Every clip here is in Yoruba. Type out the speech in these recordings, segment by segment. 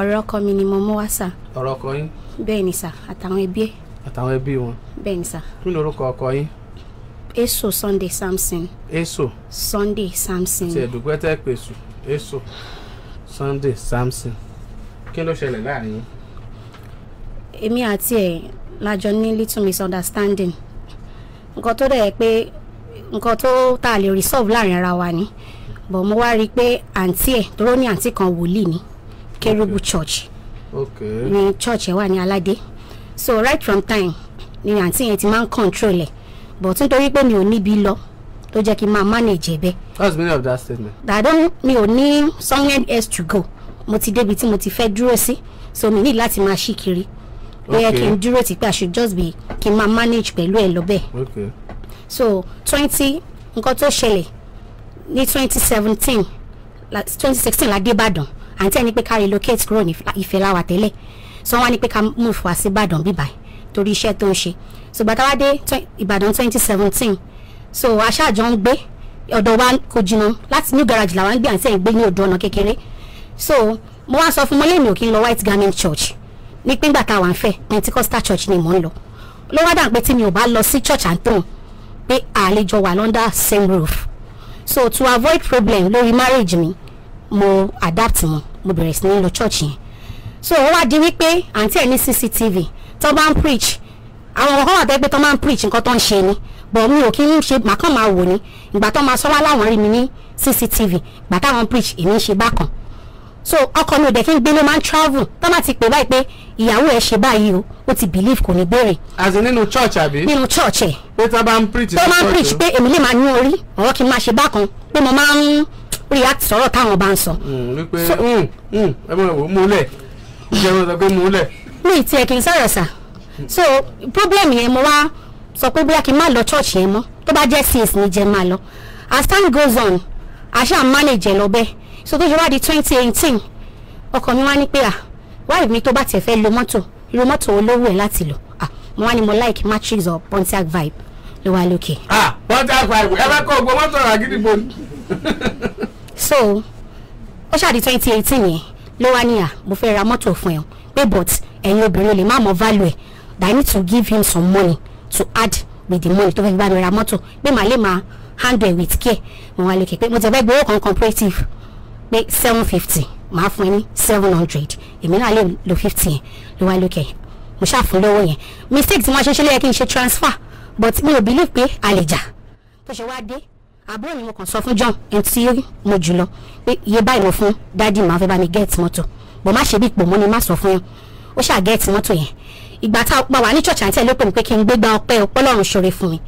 ọ̀rọ̀ ọkọ mi ni mo mú wá sà. ọ̀rọ̀ ọkọ yín. bẹ́ẹ̀ ni sà àtàwọn ẹbí ẹ̀. àtàwọn ẹbí wọn. bẹ́ẹ̀ ni sà. kí ni orúkọ ọkọ yín. Èso Sunday Samson. Èso. Sunday Samson. ṣe ẹ̀dùgbẹ́ tẹ́ pè sùn Èso Sunday Samson. kí ló ṣẹlẹ̀ láàrin yín. èmi àti ẹ̀ lájọ ní little misunderstanding nǹkan tó dẹ̀ pé nǹkan tó tà lè resolve láàrin ara wa ni bọ̀ mo wá rí i pé àǹtí ẹ̀ tó ní àǹtí kan wòlíì ni. Kerubu okay. church okay. ní church ẹ̀ wà ní so right from time ni àǹtí yẹn ti máa ń control ẹ̀ but nítorí pé mi ò níbi lọ tó jẹ́ kí n máa manage ẹ̀ bẹ́ẹ̀. what's the meaning of that statement. dàdó mi ò ní somewhere else to go mo ti débi tí mo ti fẹ́ dúró sí so mi ní láti máa ṣí kiri bóyá kí n dúró ti pé i should just be kí n máa manage pẹ̀lú ẹ̀ lọ́bẹ̀. okay. so twenty nǹkan tó ṣẹlẹ̀ ní twenty seventeen twenty sixteen la dé àǹtí ẹni pé ká relocate kúrò ní Ifẹ̀ láwa tẹ́lẹ̀ so wọ́n á ní pé ká move wá sí Ìbàdàn bíbá torí iṣẹ́ tó ń ṣe so gbàtà wá dé Ìbàdàn twenty seventeen so aṣáájọ ń gbé ọ̀dọ̀ wa kò jìnnà láti new garage làwọn ń gbé àǹtí ẹ̀ ń gbé ní ọ̀dọ̀ ọ̀nà kékeré so mo wá sọ fún mọ́lẹ́ mi ò kí n lọ White Garment Church ní pínpà tá a wà ń fẹ́ Pentecostal Church ni mò ń lọ ló wá dà pé tí mi ò bá lọ sí church anthem pé àlejò wà under same roof so to avoid problem lórí marriage mi mo adapt wọn mo bẹ̀rẹ̀ sí ní lọ church yẹn so ó wá di wípé àǹtí ẹ̀ ní cctv tó bá ń preach àwọn ọkọ wà tẹ́gbẹ́ tó máa ń preach nǹkan tó ń ṣe ni bọ̀ mi ò kí ń ṣe màkàn máa wò ni ìgbà tó máa sọ wá láwọn rí mi ní cctv ìgbà táwọn preach èmi ń ṣe bákan so ọkọ mi ò dẹ̀ kí n gbé ló máa ń travel tó bá ti pè báyìí pé ìyàwó ẹ ṣe báyìí o ó ti believe kò ní béèrè. àti nínú church àbí. nínú church ẹ. pé tó bá ń preach. tó máa ń preach pé èmi lè máa ní orí ọ̀rọ̀ kí n máa ṣe bákan pé mo máa ń react sọ̀rọ̀ táwọn bá ń sọ. Mm, wípé mm, mm. ẹ mọ̀ ọ́ múlẹ̀ ṣe wọ́n sọ pé múlẹ̀. mi ti ẹ̀ kì í sọ̀rọ̀ sà so problem yẹn mo wá sọ pé bóyá kí n má lọ church yẹn mọ́ tó bá jẹ́ sins ni jẹ́ máa lọ as time goes on àṣà manage ẹ̀ lọ bẹ́ẹ̀ so tó ṣe wá di twenty eighteen ọkọ mi wá ní pé à wáyé mi tó bá tiẹ̀ fẹ́ lo mọ́tò irú mọ́tò olówó ẹ̀ láti lò mo wá ní mo like matrix or Pontiac vibe ló wá lókè. ah Pontiac vibe ẹ bá kọ ògbó mọ́tò rà gidi bò so ó ṣáà di twenty eighteen yẹn ló wá níyà mo fẹ́ ra mọ́tò fún ẹ pé but ẹ̀yin obìnrin lè má mọ value ẹ̀ that I need to give him some money to add with the money tó fẹ́ gbà mí ra mọ́tò pé màá lè máa handle with care mo wá lè kẹ́ pé mo ti fẹ́ gbowó kan cooperative pé seven fifty màá fún ẹ ní seven hundred èmi náà lè lo fifty yẹn ló wá lókè mo ṣàfún lówó yẹn mistake tí wọ́n ṣe ṣe ló kí n ṣe transfer but mi ò believe pé a lè jà tó ṣe wá dé àbúrò mi mo kàn sọ fún John ẹni tí mo jù lọ pé iye báyìí mo fún dádì màá fẹ́ bá mi gẹ́ẹ̀tì mọ́tò bọ̀ má ṣe bí ipò mo ni má sọ fún yín ó ṣáà gẹ́ẹ̀tì mọ́tò yẹn ìgbà tá a wà ní church àǹtí ẹ̀ ló pè mí pé kí n gbégbá ọpẹ́ ọpọlọ́run ṣoore fún mi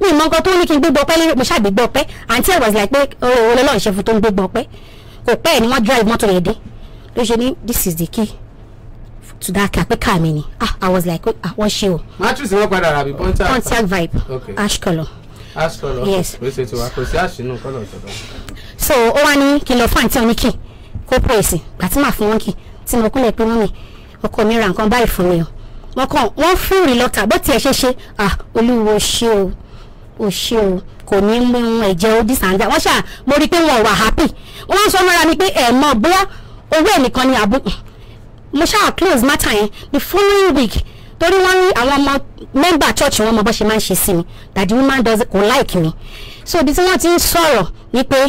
mi ì mọ nǹkan tó ní kí n gbégbá ọpẹ́ lérò mo ṣáà gbégbá ọpẹ́ àǹtí ẹ̀ was like pé òun oh, lọ́lọ́run oh, ṣe fún tó ń gbégbá ọpẹ́ kò pẹ́ ẹ̀ ni wọ́n drive mọ́tò yẹn dé ló ṣe ní this is the key to that car pé car mi ni ah i was like ah wọ́n ṣe o. mattress wọn padà rà bí pontiac vibe ash colour yes so ó wá ní kí n lọ fún àǹtí oníkì kó pè sí gbàtí màá fún wọn kì tí mo kúnlẹ̀ pé wọ́n mi ọkọ mi ra nǹkan báyìí fún mi o wọn kàn wọ́n fún ìrìlọ́ta bó tiẹ̀ ṣe ṣe ah olúwo ṣe o o ṣe o kò ní mú ẹ̀jẹ̀ odi sàǹdà wọ́n ṣà mo rí i pé wọ́n wà happy wọ́n sọ mọ́ra mi pé ẹ̀ mọ̀ bóyá owó ẹ̀ nìkan ni àbú mo ṣáà close matter yẹn the following week torí wọ́n ní àwọn ọmọ mẹ́mbà church wọn mọ bó ṣe máa ń ṣe sí mi that the woman does kò like mi so ibi tí wọ́n ti ń sọ̀rọ̀ ni pé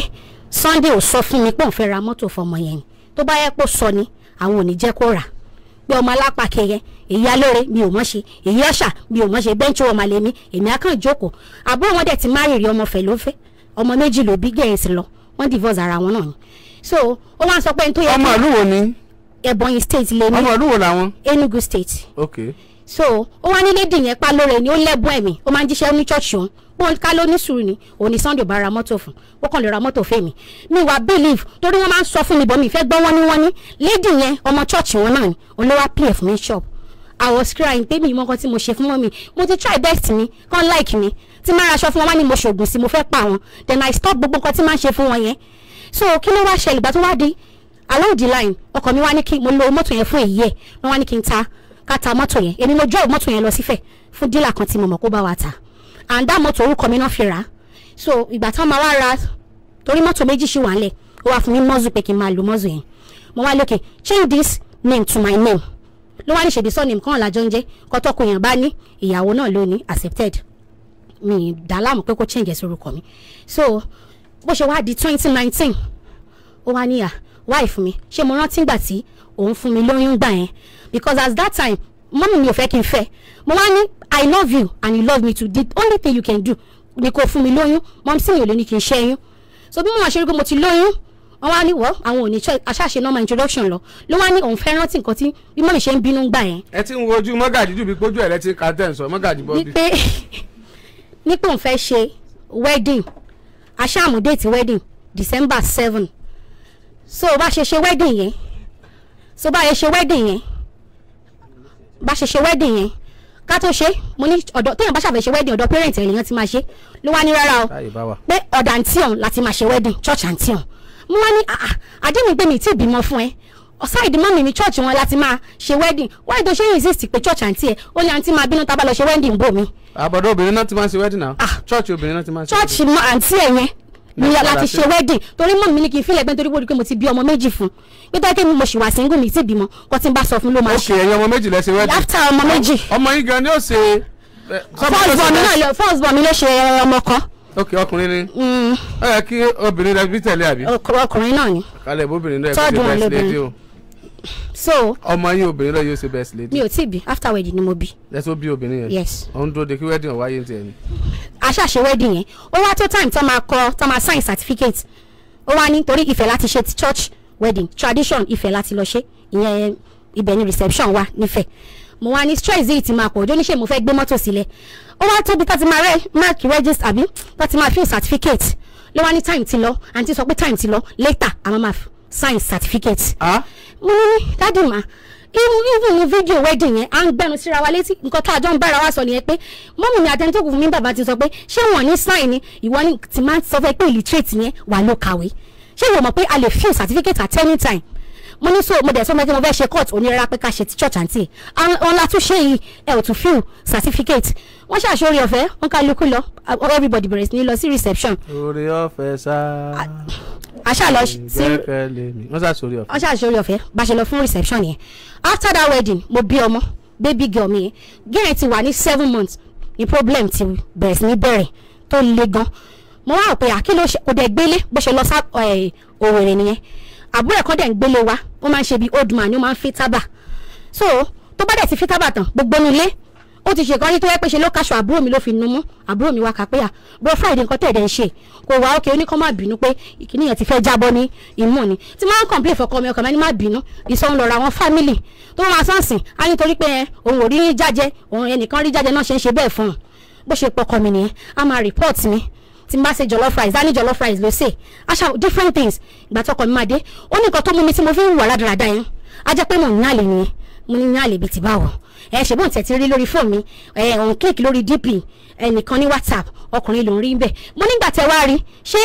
Sunday ò sọ fún mi pé òun fẹ́ ra mọ́tò fọmọ yẹn ni tó bá yẹ kó sọ ni àwọn ò ní jẹ́ kó rà pé ọmọ alápá kẹyẹ èyí alóore mi ò mọ̀ ṣe èyí ọ̀ṣà mi ò mọ̀ ṣe bẹ́ńtì ọmọ àlẹ́ mi èmi á kàn jókòó àbúrò wọn dẹ̀ ti má rìnrìn ọmọ fẹ̀ ló fẹ́ ọmọ méjì ló bí gẹ̀yìn sí lọ wọ́n divorce ara wọn náà ni so ó wá ń sọ pé n tó yẹ kí ọmọ ìlú wo ni Ebonyi state lè ní ọmọ ìlú làwọn Enugu state okay so ó wá nílé dì yẹn pa lóore ni ó lẹ́bùn ẹ̀mí ó máa ń jíṣẹ́ ní ṣọ́ọ̀ṣì òun wọn ká ló ní sùúrù ni òun ni Sunday bá ra mọ́tò fún ó kàn lè ra mọ́tò fèmí mi wà believe torí wọ́n máa ń sọ fún mi bọ́ mi ìfẹ́ gbọ́ wọ́n ní wọ́n ní lady yẹn ọmọ ṣọ́ọ̀ṣì wọn náà ni òun ló wá pè fún mi shop I was crying pé mi ìmọ̀ kan tí mo ṣe fún mọ́ mi mo ti try best mi kan like mi tí máa ra aṣọ fún wọn wá ní mo ṣògùn sí mo fẹ́ pa wọn then I stop gbogbo nǹkan tí máa ń ṣe fún wọn yẹn so kí ló wá ṣẹlẹ̀ ìgbà tó wá di along the line ọkọ mi wá ní kí mo lo mọ́tò yẹn fún èyí ẹ̀ wọ́n wá ní kí n ta ká ta mọ́tò yẹn èmi mo drive mọ́tò yẹn lọ sífẹ̀ fún dílà kan tí mo mọ̀ kó bá wa ta and that mọ́tò orúkọ mi náà fi rà á so ìgbà tán máa wá ra torí mọ́tò méjì ṣì wà ń lẹ̀ ó wà fún mi mọ́zù pé kí n máa lo mọ́zù yẹn mo wá lókè change this name to my name ló wá ní ṣèbí surname kan làjọ ń jẹ́ kọ́tọ́kùn yẹn bá ní ìyàwó náà ló ní accepted mi dà láàmú pé kó change ẹ̀sùn orúkọ mi so bó ṣe wá di twenty nineteen ó wá níyà ah, wife mi ṣé mo rántí gbà tí òun fún mi lóyún gbà yẹn because at that time mommy, mi ò fẹ́ kí n fẹ́ mo wá ní i love you and you love me too the only thing you can do ni kò fún mi lóyún mọ́mí sì mi ò lè ní kí n ṣẹ́yún so bí mo máa ṣe rí pé mo ti lóyún wọ́n wá ní wọ́ àwọn ò ní aṣáṣe normal introduction lọ ló wá ní òun fẹ́ rántí nǹkan tí bí mọ́mí ṣe ń bínú gbà yẹn. ẹ ti ń wojú mọ́gàdí dùbí pójú ẹ̀ lẹ́tí ká tẹ̀ ń sọ mọ́gàdí bọ́ọ̀dì. ní pé òun fẹ́ ṣe wedding aṣáàmù déètì wedding December seven so bá ṣe ṣe wedding yẹn so bá ṣe ṣe wedding yẹn bá ṣe ṣe wedding yẹn ká tó ṣe mo ní ọ̀dọ̀ téèyàn bá ṣàfẹ́ wedding ọ̀dọ̀ parent ẹ̀ lèèyàn ti máa ṣe ló wá ní rárá o pé ọ̀dà àǹtí ọ̀hún láti máa ṣe wedding church àǹtí ọ̀hún mo wá ní àdé mi gbé mi tí ì bímọ fún ẹ ọ̀sáìdì mọ́mì mi church wọn láti máa ṣe wedding wáyé tó ṣe insist pé church àǹtí ẹ ó ní àǹtí máa bínú tá lọ ṣe wedding bò mí. àbọ̀dọ̀ obìnrin náà ti máa ṣe wedding náà church obìnrin náà ti máa ṣe wedding. church àǹtí ẹ̀ yẹn ní láti ṣe wedding torí mọ̀ mi ní kí n fílẹ̀ gbẹ́ni torí wọ́n rí pé mo ti bí ọmọ méjì fún pé tó yẹ kí mo ṣì wà single mi ti bímọ kó tí n bá sọ fún ló máa ṣe. ok ẹyin ọmọ méjì lẹ wedding after ọmọ méjì. ọmọ yín gan ni ó ṣe. first born mi ló ṣe ọmọ kan. ok ọkùnrin ni. Mm. ó yẹ kí obìnrin rẹ bí tẹ̀lé àbí. ọkùnrin náà ni. kálẹ̀ bóbìnrin náà ẹ̀ so. ọmọ yín obìnrin náà yóò ṣe best lady. mi ò tí ì after wedding ni mo bí. ẹ tó bí obìnrin yẹn. yes. ó ń dúró de kí wedding ọ̀ wáyé tiẹ̀ ni. aṣáṣe wedding yẹn ó wá tó time tó máa kọ tó máa sign certificate ó wá ní torí ìfẹ́ láti ṣe church wedding tradition ìfẹ́ láti lọ ṣe ìyẹn ibẹ̀ ni reception wa nífẹ̀ẹ́ mo wá ní stress yìí ti máa pọ̀ ọjọ́ níṣẹ́ mo fẹ́ gbé mọ́tò sílẹ̀ ó wá tóbi tá ti máa rẹ́ mark register àbí tá ti máa fill certificate ló wá ní time ti lọ àǹtí sọ pé time ti lọ later àmọ́ máa fi sign certificate. Ah? mo ní dádì mà irú irú ní fídíò wedding yẹn à ń gbẹnu síra wa létí nǹkan tá a jọ ń bára wa sọ nìyẹn pé mọ́mì mi àtẹni tó fún mi bàbá ti sọ pé ṣé wọ́n ní sign ni ìwọ ni tí máa ń sọ fẹ́ pé illiterate yẹn wà ló kàwé ṣé ìwọ mọ̀ pé a lè fill certificate at any time mo ní so mo dẹ̀ sọ́mọ́ pé mo fẹ́ ṣe court onírẹ́rà pé ká ṣe ti church àǹtí àwọn látúnṣe yìí ẹ̀ ò tún fíw certificate wọ́n ṣàṣọrí ọ̀fẹ́ wọ́n kálukú lọ everybody bẹ̀rẹ̀ sí ní lọ sí reception. orí ọ̀fẹ́ sáà aṣáàlọ sí wọ́n ṣàṣọrí ọ̀fẹ́ wọ́n ṣàṣọrí ọ̀fẹ́ bá ṣe lọ fún reception yẹn after that wedding mo bí ọmọ baby girl mi yẹn gẹ́rẹ̀ ti wà ní seven months ni problem ti bẹ̀rẹ̀ sí ní bẹ̀rẹ̀ tó le gan mo wá pé àkínlò kò dẹ̀ gbélé bó ṣe lọ sá Òwèrè nìyẹn àbúrò ẹ̀kọ́ dẹ̀ ń gbélé wa ó máa ń ṣe bí old man ó máa ń fi tábà so tó bá dẹ̀ ti fi tábà tán gbogbo nulẹ̀ ó ti ṣe kan ní tó yẹ pé ṣe ló kaṣọ àbúrò mi ló fi nu mú àbúrò mi wá kà pé à bro friday nǹkan tó ẹ̀dẹ̀ ń ṣe kò wá ókè oníkan má bínú pé ìkíní yẹn ti fẹ́ jábọ́ ní ìmú ni tí máa ń complain fọkàn mi ọkàn mi má bínú ìsọ̀hún lọ́ra àwọn family tó máa sánsìn á nítorí pé òun ò rí jájẹ òun ẹnìkan rí jájẹ náà ṣe ń ṣe bẹ́ẹ̀ fún un bó ṣe pọkàn mi nìyẹn á máa report mi tí n bá ṣe jollof rice dání jollof rice ló ṣe aṣa different things ìgbà tí ọkọ mi máa dé ó ní nǹkan tó mú mi tí mo fi ń wà rádaràda yẹn á jẹ́ pé mò ń yàlè nìyẹn mo ní yàlè bíi ti báwo ẹ ṣe bóun tẹ̀tí rí lórí fóònù mi ẹ òun kílìkì lórí dp ẹnìkan ní whatsapp ọkùnrin ló ń rí bẹ́ẹ̀ mo nígbà tẹ wá rí ṣé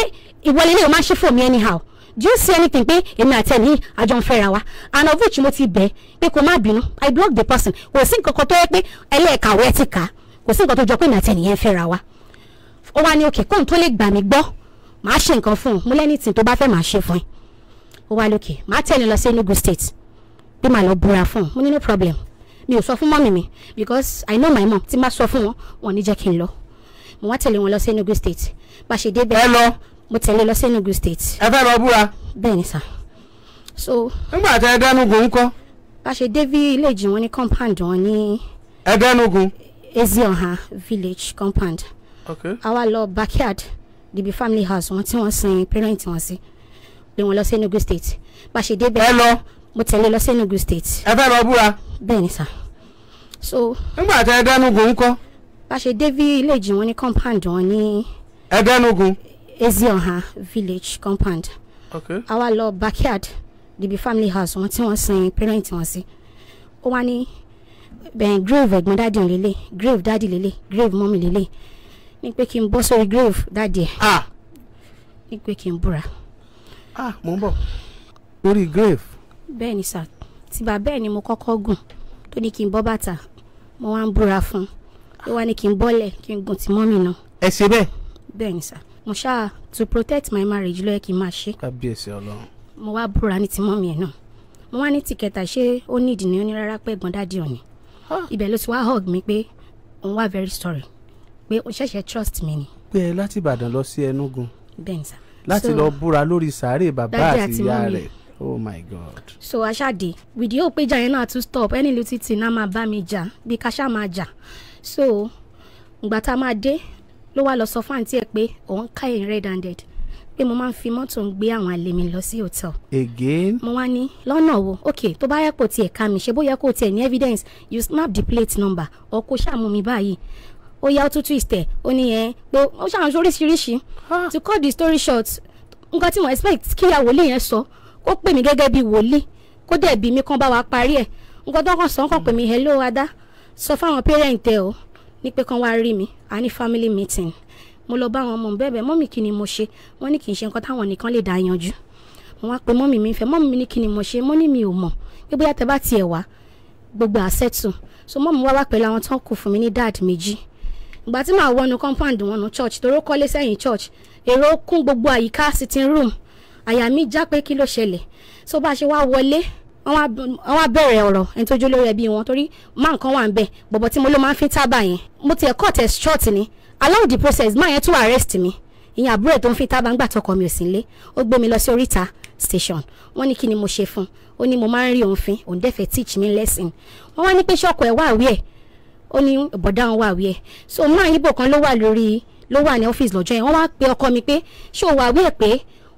ìwọlé ilé o máa ń ṣe fóònù mi anyhow do you see anything pé èmi àti ẹni àjọ ń fẹ́ra wa and of which mo ti bẹ̀ pé kó má bínú i block the person kò sí nǹkan kan tó yẹ pé ẹlẹ́ẹ̀kàwé ẹ ti kà kò sí nǹkan tó jọ pé èmi àti ẹnìyẹn ń fẹ́ra wa ó wá ní òkè kóun tó lè gbà mí gbọ́ màá ṣe nǹkan fún un mo lẹ́ni tí tó bá fẹ́ màá ṣe fún un ó wá lókè màá tẹ̀lé lọ sí Enugu state bí màá lọ búra fún un mo ní no problem mi ò sọ fún mọ́mì mi because I know my mom tí màá sọ fún wọn wọn ní jẹ́ kí n lọ mo wá tẹ̀lé wọn lọ sí Enugu state bá ṣe débẹ̀ ẹ lọ mo tẹ̀lé lọ sí Enugu state. ẹ fẹ́ lọ búra. bẹ́ẹ̀ ni sà so. nígbà tẹ ẹ dẹnugun ńkọ́. bá ṣe dé bí ilé ìjì wọn ní compound wọn ní. ẹ dẹnugun. Ezi Ọ̀hà village compound a wá lọ backyard níbi family house wọn tí wọ́n sin parent wọn sí pé wọ́n lọ sí Enugu state bá a ṣe débẹ̀ ẹ lọ mo tẹ̀lé lọ sí Enugu state. ẹ fẹ́ lọ búra. bẹ́ẹ̀ ni sà. so. nígbà tí ẹ dẹ́nugun ń kọ́. bá a ṣe dé village wọn ní compound wọn ní. ẹ dẹ́nugun. Ezioha village compound. Okay. a wá lọ backyard níbi family house wọn tí wọ́n sin parent wọn sí ó wá ní grave ẹ̀gbọ́n dáàdì lélẹ̀ grave dáàdì lélẹ̀ grave mọ́mì lélẹ̀ ní pé kí n bọ́ sórí grave dáàdì ẹ̀. ah ní pé kí n búra. ah mò ń bọ̀ lórí grave. bẹ́ẹ̀ ni sà tìgbà bẹ́ẹ̀ ni mo kọ́kọ́ gùn tó ní kí n bọ́ bàtà mo wá ń búra fún un ló wá ní kí n bọ́lẹ̀ kí n gùn tí mọ́mì náà. ẹ ṣe bẹ́ẹ̀. bẹ́ẹ̀ sà mo ṣáà to protect my marriage ló yẹ kí n máa ṣe. kábíyèsí ọlọ́run. mo wá búra ní ti mọ́mì ẹ̀ náà mo wá ní tìkẹta ṣé ó ní ìdí ó ní rárá pé ẹ̀gbọ́n dáàdì òní ah! ibẹ̀ ló ti wá hug mi pé òun wá very sorry pé o ṣẹ̀ṣẹ̀ trust mi ni. pé ẹ láti ìbàdàn lọ sí ẹnugun. bẹ́ẹ̀ sá. láti lọ búra lórí sàárè bàbá àti ìyá rẹ̀ oh my god. so aṣáde with the hope pé jàyẹn náà tún stop any little thing, náà máa bá mi jà bí káṣá máa jà so ìgbà tá a máa dé ló wá lọ sọ fún àǹtí ẹ pé òun ká ẹ red handed pé mo máa ń fi mọ́tò ń gbé àwọn àlè mi lọ sí hotel. again. mo wá ní lọ́nà wo ok tó bá yẹ kó tiẹ̀ ká mi ṣe bó yẹ kó tiẹ̀ ní evidence you snap the plate number or kó ṣàmú mi báyìí ó yá ó tún twist ẹ̀ ó ní yẹn pé ó ṣàwọn oríṣiríṣi to cut the story short nǹkan tí mo expect kíyà wòlíì yẹn sọ ó pè mí gẹ́gẹ́ bí wòlíì kó dẹ̀ bí mi kàn bá wa parí ẹ̀ nǹkan tó kàn sọ kàn pè mí hello ada sọ fáwọn parent ẹ o ní pé kàn wá rí mi a ní family meeting mo lọ bá àwọn ọmọ bẹ́ẹ̀ mọ́mì kí ni mo ṣe wọ́n ní kì í ṣe nǹkan táwọn nìkan lè dá yanjú mo wá pe mọ́mì mi fẹ́ mọ́mì mi ní kí ni mo ṣe mo ní mi ò mọ̀ pé bóyá tẹ bá tiẹ̀ wá gbogbo àṣẹ tù so mọ́mì wá wá pẹ̀lú àwọn tó ń kù fún mi ní dad méjì ìgbà tí màá wọnú compound wọnú church Toro kọ́lé sẹ́yìn church èrò kún gbogbo àyíká sitting room àyà mi já pé kí ló ṣẹlẹ̀ so bá a ṣe wá wọlé wọ́n wá bẹ̀rẹ̀ ọ̀rọ̀ ẹni tó jólórí ẹbí wọn torí máa nǹkan wà ń bẹ̀ bọ̀bọ̀ tí mo ló máa ń fi tábà yẹn mo tiẹ̀ cut ẹ̀ short ni allow the process máa yẹn tún arrest mi ìyẹn àbúrò ẹ̀ tó ń fi tábà ń gbà tọkọ mi ò sí nílé ó gbé mi lọ sí oríta station wọ́n ní kí ni mo ṣe fún un ó ní mo máa ń rí òun fín òun dẹ́fẹ̀ẹ́ teach me lesson wọ́n wá ní pé ṣọ́kọ ẹ̀ wá àwí ẹ̀ ó ní bọ̀dá wọn wà wíẹ̀ so máa yíbò kan ló wà lórí ló wà ní ọ́fíìsì lọ́jọ́ yẹn wọ́n wá pe ọkọ mi pé ṣé o wà wíẹ̀ pé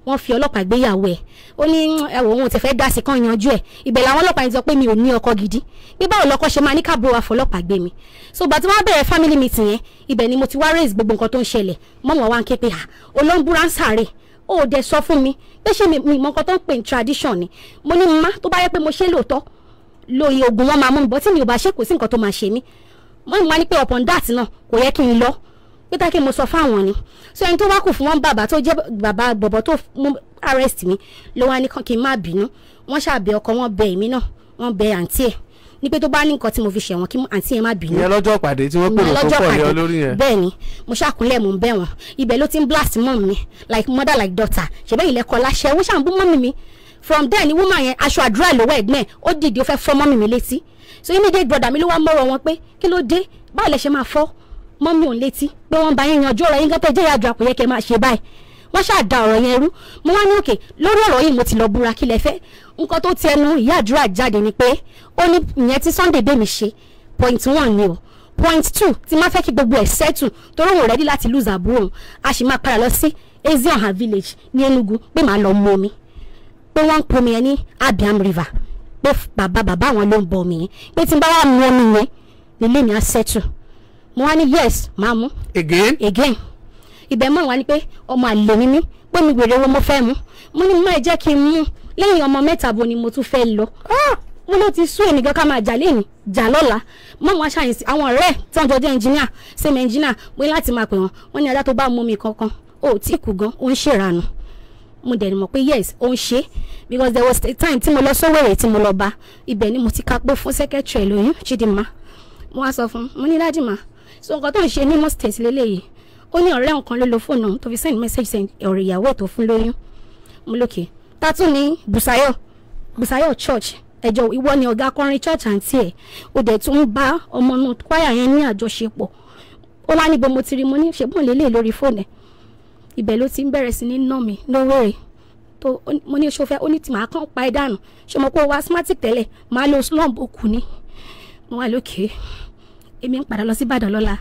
wọ́n fi ọlọ́pàá gbéyàwó ẹ̀ ó ní ẹ̀wọ̀n òun ti fẹ́ dá sí kan yanjú ẹ̀ ìbẹ̀ làwọn ọlọ́pàá yẹn sọ pé mi ò ní ọkọ gidi pé báwo lọkọ ṣe máa ní káàbọ̀ wá fọlọ́pàá gbé mi so bàtí wọ́n bẹ̀rẹ̀ family meeting yẹn ibẹ̀ ni mo ti wá raise gbogbo nǹkan tó ń ṣẹlẹ̀ mọ́mọ́ wa ń ké pé à ah, olóńbúra ń sáré ó dẹ̀ sọ fún mi pé ṣé mi mọ nǹkan tó ń pè ní tradition ni mo ní ma tó bá yẹ pé mo ṣe lóòótọ́ lóye oògùn wọn máa mú mi bọ́ tí mi ò bá ṣe kò sí nǹkan tó máa ṣe mí mọ́mí wá ní pé upon that náà kò yẹ kí n lọ pé tá kí mo sọ fáwọn ni so ẹni tó wá kù fún wọn bàbá tó jẹ́ bàbá bọ̀bọ̀ tó mú arrest mi ló wá ní kàn kí n má bínú wọ́n ṣàbẹ̀ ọkọ wọn bẹ̀ èmi náà wọ́n bẹ̀ àǹtí ẹ̀ ní pé tó bá ní nǹkan tí mo fi ṣẹ̀wọ̀n kí àǹtí yẹn má bínú. ìyẹn lọ́jọ́ pàdé tí wọ́n pè lọ́ tó pọ̀ yọ lórí yẹn. bẹ́ẹ̀ ni mo ṣàkúnlẹ̀ mò ń bẹ̀ wọ́n ibẹ̀ ló ti ń blast mọ́ mi like mother like daughter ṣẹ̀bẹ́yìn lẹ́kọ̀ọ́ láṣẹ wọ́n ṣàǹbù mọ́ mi mi from there ni woman yẹn aṣọ àdúrà lọ́wọ́ ẹ̀gbọ́n ẹ̀ ó dìde ó fẹ́ fọ́ mọ́mì mi létí so immediate brother mi ló wá mọ́rọ̀ wọn pé kí ló dé báwo lẹ ṣe máa fọ́ mọ́mì òun létí pé wọ́n bá yẹn yanjú ọ̀rọ̀ yín gẹ́tẹ́ jẹ́ ìyàjọ àpòyẹ kẹ́ máa ṣe báyìí wọ́n ṣáà da ọ̀rọ̀ yẹn rú mo wá ní òkè lórí ọ̀rọ̀ yìí mo ti lọ búra kí lẹ fẹ́ nǹkan tó ti ẹnu ìyá àdúrà jáde ni pé ó ní ìyẹn tí Sunday bẹ́ẹ̀ mi ṣe point one ni o point two ti máa fẹ́ kí gbogbo ẹ̀ settle torí òun rẹ́dí láti lose àbúrò òun a sì máa padà lọ sí Ezion village ní Enugu pé màá lọ mú omi pé wọ́n ń pomi yẹn ní Abiam River pé bàbá bàbá àwọn ló ń bọ omi yẹn pé tí n bá wà mú omi yẹn nílé mi á settle mo wá ní yes máa mú. again again ibẹ̀ mọ̀ wá ni pé ọmọ àlè ni mí pé mi wèrè wo mo fẹ́ mu mo ní má jẹ́ kí n mú lẹ́yìn ọmọ mẹ́ta bo ni mo tún fẹ́ lọ ah! mo ló ti sún èmi ká máa jà lẹ́yìn jà lọ́la mọ́ wọn aṣáyìn sí àwọn ọ̀rẹ́ tí wọ́n jọ jẹ́ ẹnjìníà sẹ́mi ẹnjìníà pé láti máa pè wọ́n wọ́n ní ajá tó bá mú mi kankan ó tí kù gan ó ń ṣèrànù mo dẹ̀ ni mọ̀ pé yes ó ń ṣe because there was a time tí mo lọ sówèrè tí mo lọ bá ibẹ̀ ni mo ti kápó fún secretary lóyún Chidinma mo wá sọ fún mo ní dájú ma so nǹkan tó ń ṣe ní most states lélẹ́yìí ó ní ọ̀rẹ́ nǹkan ló lo fóònù tó fi send message send ọ̀rẹ́ ìyàwó tó fún lóyún mo lókè tátún ní Busayo Busayo church ẹjọ ìwọ ni ọ̀gá akọrin church àǹtí ẹ̀ ó dẹ̀ tún ń bá ọmọ náà kwaya yẹn ní àjọṣepọ̀ ó wá níbo mo ti rí mo ní ṣègbọn lélẹ̀ lórí fóònù ẹ̀ ibẹ̀ ló ti ń bẹ̀rẹ̀ sí ní nà mí lówèrè tó mo ní ṣọfẹ́ ó ní tí màá kàn pa ẹ́ dànù ṣe mo kó wa asthmatic tẹ́lẹ̀ màá lo slump okùn ni mo wà lókè èmi ń padà lọ sí Ìbàdàn lọ́la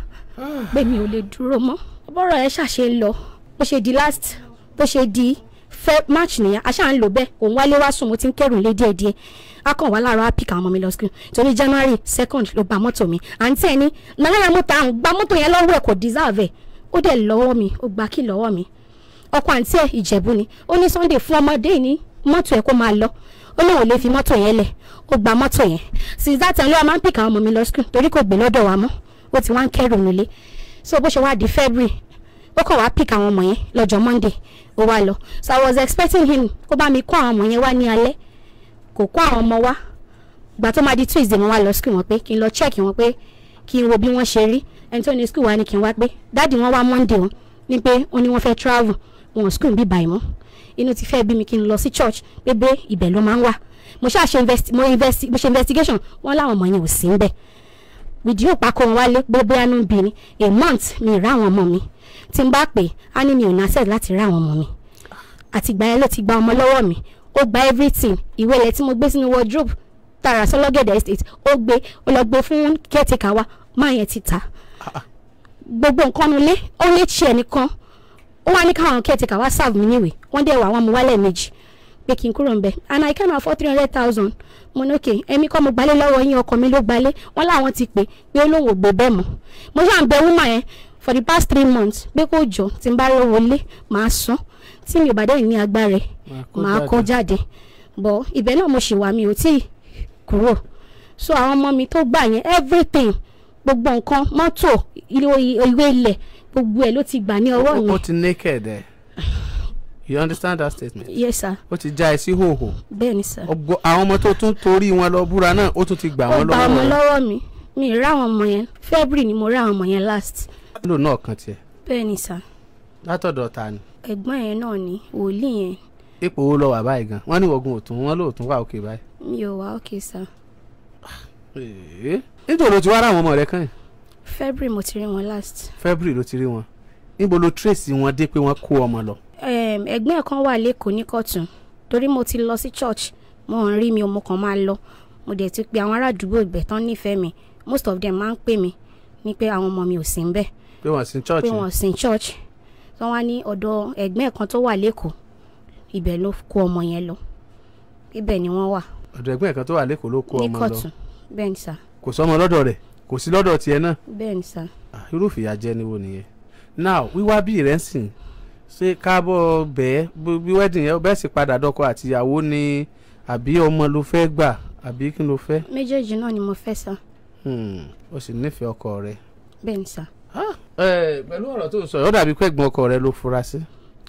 pé ah. mi ò lè dúró mọ́ bọ́rọ̀ ẹ ṣàṣe ń lọ bó ṣe di last bó ṣe di fẹ́ match nìyẹn aṣá ń lò bẹ́ẹ̀ òun wálé wá sùn mo ti ń kẹ́rù lé díẹ̀díẹ̀ a wá láàárọ̀ á pick àwọn ọmọ mi lọ school torí January second ló gba mọ́tò mi àǹtí ẹni nàlẹ́ ra mọ́tò àwọn gba mọ́tò yẹn lọ́wọ́ ẹ̀ kò deserve ẹ̀ ó dẹ̀ lọ́wọ́ mi ó gba kí lọ́wọ́ mi ọkọ àǹtí ẹ̀ ìjẹ̀bú ni ó ní Sunday fún ọmọdé ní mọ́tò ẹ̀ kó máa lọ ó lóun ò lè fi mọ́tò yẹn lẹ̀ ó gba mọ́tò yẹn since that time ló wà máa ń pìkà ọmọ mi lọ school torí kò gbé lọ́dọ̀ wa mọ́ ó ti wá ń kẹ́rù nílé so bó ṣe wá di February ó kàn wá pìkà àwọn ọmọ yẹn lọ́jọ́ Monday ó wá lọ so I was expecting him kó bá mi kó àwọn ọmọ yẹn wá ní alẹ́ kò kó àwọn ọmọ wá gbà tó máa di Tuesday mo wá lọ school wọn pé kí n lọ check wọn pé kí n wo bí wọ́n ṣe rí ẹni tó ní skul wa ni kí n wá pé dáàdi wọn wá monday wọn ni pé wọn ni wọn fẹ́ travel wọn skul bí báyìí mọ́ inú ti fẹ́ bí mi kí n lọ sí church pé bẹ́ẹ̀ ibẹ̀ ló máa ń wà mo ṣáà ṣe mo ṣe investigation wọn láwọn ọmọ yẹn ò sí ń bẹ̀ wìdí ò wọn wálé pé bóyá ló ni a month mi rá àwọn ọmọ mi tí n bá pè á ní mi ò násẹ̀ láti rá àwọn ọmọ mi àtìgbà yẹn ló ti gba ọmọ lọ́wọ́ mi ó gba everything ìwé ilẹ̀ tí mo gbé sínú wardrobe tààrà sọlọ́gẹ̀dẹ̀ estate ó gbé ó lọ gbé fún caretaker wa máa yẹn ti ta gbogbo nǹkan nulẹ̀ ó lé tiẹ̀ nìkan ó wá ní káwọn kẹ́tìkà wá sáàbù mi níwèé wọ́n dẹ̀ wà wọ́n mu wálẹ̀ méjì pé kí n kúrò ńbẹ̀ and I can afford three hundred thousand mo ní òkè kọ́ mo gbalé lọ́wọ́ yín ọkọ mi ló gbalé wọ́n láwọn ti pè pé olóhùn ògbó bẹ́ẹ̀ mọ́ mo ṣáà ń bẹ wúmà yẹn for the past three months pé kó jọ tí n bá rówó lé màá san tí mi ò bá dẹ̀ ní agbára màá kó jáde bọ̀ ibẹ̀ náà mo ṣì mi ò tíì kúrò so àwọn ọmọ mi tó gbà yẹn everything gbogbo nǹkan mọ́tò ìwé ilẹ̀ gbogbo ẹ̀ ló ti gbà ní ọwọ́ mi. ó ti naked ẹ you understand that statement. yes sir. ó ti já ẹ sí hòhò. bẹ́ẹ̀ni sir. ọgbọ àwọn ọmọ tó tún torí wọn lọ búra náà ó tún ti gbà wọn lọ́wọ́ rẹ. ó gbà ọmọ lọ́wọ́ mi mi ì ráwọn ọmọ yẹn february ni mo ráwọn ọmọ yẹn last. lò náà kan tiẹ̀. bẹ́ẹ̀ni sir. látọ̀dọ̀ ta ni. ẹ̀gbọ́n yẹn náà ni wòlíì yẹn. ipò wo lọ wà báyìí gan wọn ní oògùn òtún wọn lóòtún wà òkè báyìí. mi ò wá òkè sir. Ah níbo ló ti wá ráwọn ọmọ rẹ kàn yìí. february mo ti rí wọn last. february ló ti rí wọn níbo ló tracy wọn dé pé wọn kó ọmọ lọ. ẹ̀gbọ́n ẹ̀ kan wà lẹ́kọ̀ọ́ ní kọ̀tún torí mo ti lọ sí church mo ń rí mi ọmọ kan máa lọ mo dẹ̀ ti pe àwọn ará àdúgbò ìgbẹ́ tán nífẹ̀ẹ́ mi most of them máa ń pè mí ní pé àwọn ọmọ mi ò sí ń bẹ̀. pé wọ́n sin church. pé wọ́n sin church tí wọ́n wá ní ọ̀dọ̀ ẹ̀gbọ́n ẹ̀ kan tó wà lẹ́kọ̀ọ́ ibẹ̀ ló kó ọmọ yẹn lọ ibẹ̀ ni wọ́n wà. ọ̀dọ̀ ẹ̀gbọ́n ẹ̀ kan tó wà lẹ́kọ̀ọ́ ló kó ọmọ lọ ní kọ̀tún bẹ́ẹ̀ ni sà. kò sọmọ lọ́dọ̀ rẹ̀ kò sí lọ́dọ̀ tiẹ̀ náà. bẹ́ẹ̀ ni sà. irúfẹ́ ìyá jẹ́ níwò nìyẹn now wíwá bí ìrẹ́sìn ṣé káàbọ̀ bẹ́ẹ̀ bí wedding yẹn bẹ́ẹ̀ sì padà dọ́kọ àtìyàwó ni àbí ọmọ ló fẹ́ gbà àbí kí ló fẹ́. méjèèjì náà ni mo fẹ́ sà. Hmm, o sì nífẹ̀ẹ́ ọkọ rẹ. bẹ́ẹ̀ ni sà. pẹ̀lú ọ̀rọ̀ tó ń sọ yóò dàbí pé ẹ̀gbọ́n ọkọ rẹ ló fura sí.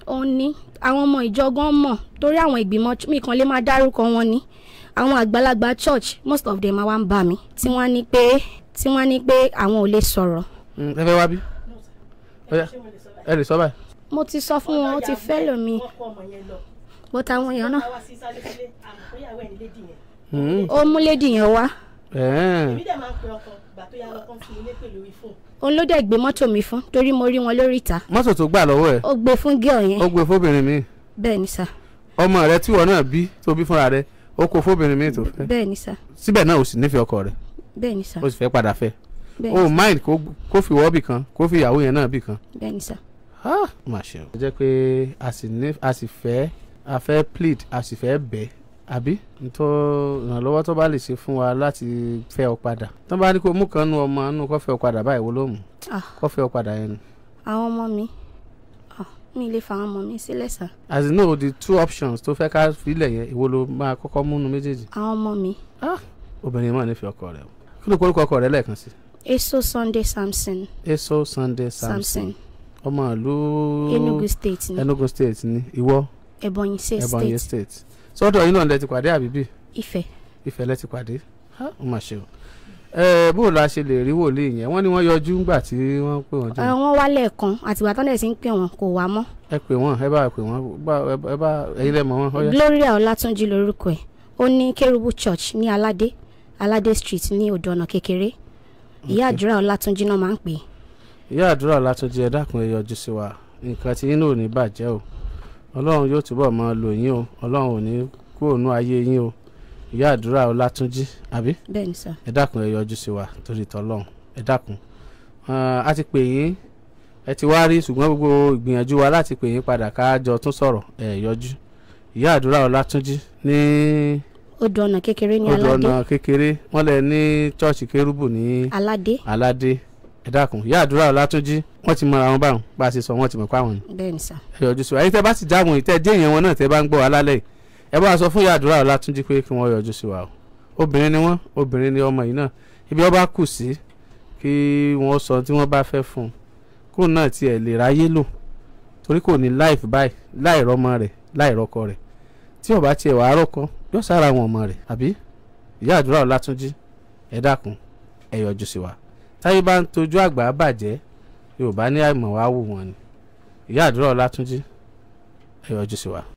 òun ni àwọn ọmọ ìjọgán mọ̀ torí àwọn ìgbìmọ̀ mi kan lè máa dárúkọ wọn ni àwọn àgbàlagbà church most of them wá ń bá mi tí wọ́n ní pé tí wọ́n ní pé àwọn ò lè sọ̀rọ̀. Mm, ẹ fẹ́ wá bí ẹ lè sọ báyìí. mo ti sọ fún wọn ó ti fẹ́ lómi but àwọn èèyàn náà mm. ó mú lédì yẹn wá òun ló dẹ̀ gbé mọ́tò mi fún torí mo rí wọn lórí ìta. mọ́tò tó gbà lọ́wọ́ ẹ̀. ó gbé fún gẹ́ọ̀ yẹn. ó gbé fóbìnrin mi. bẹ́ẹ̀ ni sà. ọmọ rẹ tí wọn náà bí tó bí fúnra rẹ ó kó fóbìnrin mi tó mm. fẹ́. bẹ́ẹ̀ ni sà. síbẹ̀ náà o sì nífẹ̀ẹ́ ọkọ rẹ̀. bẹ́ẹ̀ ni o sì fẹ́ padà fẹ́. o mind kó fi wọ́ bì kan kó fi ìyàwó yẹn náà bì kan. bẹ́ẹ̀ ni sà. ha mà ṣe o. ó jẹ́ pé a sì fẹ́ a fẹ́ plead a sì fẹ́ bẹ̀ àbí tó ìrànlọ́wọ́ tó bá lè ṣe fún wa láti fẹ́ ọ padà tó bá ní kó mú kan nu ọmọ inú kó ọ padà báyìí wo ló mú ah. kó ọ padà yẹn nu. àwọn ọmọ mi mi lè fa ọmọ mi sílẹ̀ sà. as in no the two options tó fẹ́ ká filẹ̀ yẹn ìwo ló máa kọ́kọ́ múnú méjèèjì. àwọn ọmọ mi. Ah, obìnrin máa nífẹ̀ẹ́ ọkọ rẹ̀ o kí ló kórúkọ ọkọ rẹ̀ lẹ́ẹ̀kan sí. Eso Sunday Samson. Eso Sunday Samson. ọmọ ìlú. Enugu state ni. Enugu state ni ìwọ. Ebonyi state. Ebonyi state. sọ́dọ̀ yín náà lẹ ti pàdé àbíbí. Ifẹ̀. Ife. lẹ ti pàdé. ó mà ṣe o ẹ bó la ṣe lè rí wòlíì yẹn wọ́n ní wọ́n yọjú ńgbà tí wọ́n pè wọ́n jẹ. wọ́n wá lẹ́ẹ̀kan àtìgbà tán dẹ̀ sí ń pè wọ́n kò wá mọ́. ẹ pè wọ́n ẹ bá pè wọ́n ẹ bá ẹyin lẹ mọ̀ wọ́n. Gloria Ọlátúnjí lórúkọ ẹ̀ ó ní Kérúbù Church ní Aládé Aládé Street ní Odò Ọ̀nà Kékeré ìyá àdúrà Ọlátúnjí náà máa ń pè. ìyá àdúrà Ọlátúnjí ẹ dákun ẹ yọjú sí wa nǹkan tí inú ò ní bàjẹ́ o Ọlọ́run yóò túbọ̀ máa lò yín o Ọlọ́run ò ní kúrò nú ayé yín o ìyá àdúrà ọlátúnjí àbí. bẹ́ẹ̀ni sà. ẹ dákun ẹ yọjú sí wa torí tọlọ́run ẹ dákun a ti pè yín ẹ ti wá rí ṣùgbọ́n gbogbo ìgbìyànjú wa láti pè yín padà ká jọ tún sọ̀rọ̀ ẹ yọjú ìyá àdúrà ọlátúnjí ní. odò ọ̀nà kékeré ní aládé odò ọ̀nà kékeré wọ́n lẹ ní chọ́ọ̀chì kérúbù ní. aládé aládé ẹ dákun ìyá àdúrà ọlátúnjí wọ́n ti mọra wọn báwọn bá a ṣe sọ wọ́n ti mọ̀ pàwọn ni. bẹ́ẹ̀ni sà. ẹ yọjú sí wa ayé ẹ bá a sọ fún ìyá àdúrà Ọlátúnjí pé kí wọ́n yọjú sí wa o obìnrin ni wọ́n obìnrin ni ọmọ yìí náà ibi ọba kù sí kí wọ́n sọ tí wọ́n bá fẹ́ fún un kóun náà tiẹ̀ lè ráyé lò torí kò ní life báyìí láìrọ́mọ rẹ̀ láìrọ́kọ rẹ̀ tí ọba tiẹ̀ wàá rọ́kọ yóò sára àwọn ọmọ rẹ̀ àbí ìyá àdúrà Ọlátúnjí ẹ dákun ẹ yọjú sí wa táyé bá ń tojú àgbà bàjẹ́ Yorùbá ní àìmọ̀ wá wù wọ́n ni ìyá àdúrà Ọlátúnjí ẹ yọjú sí wa.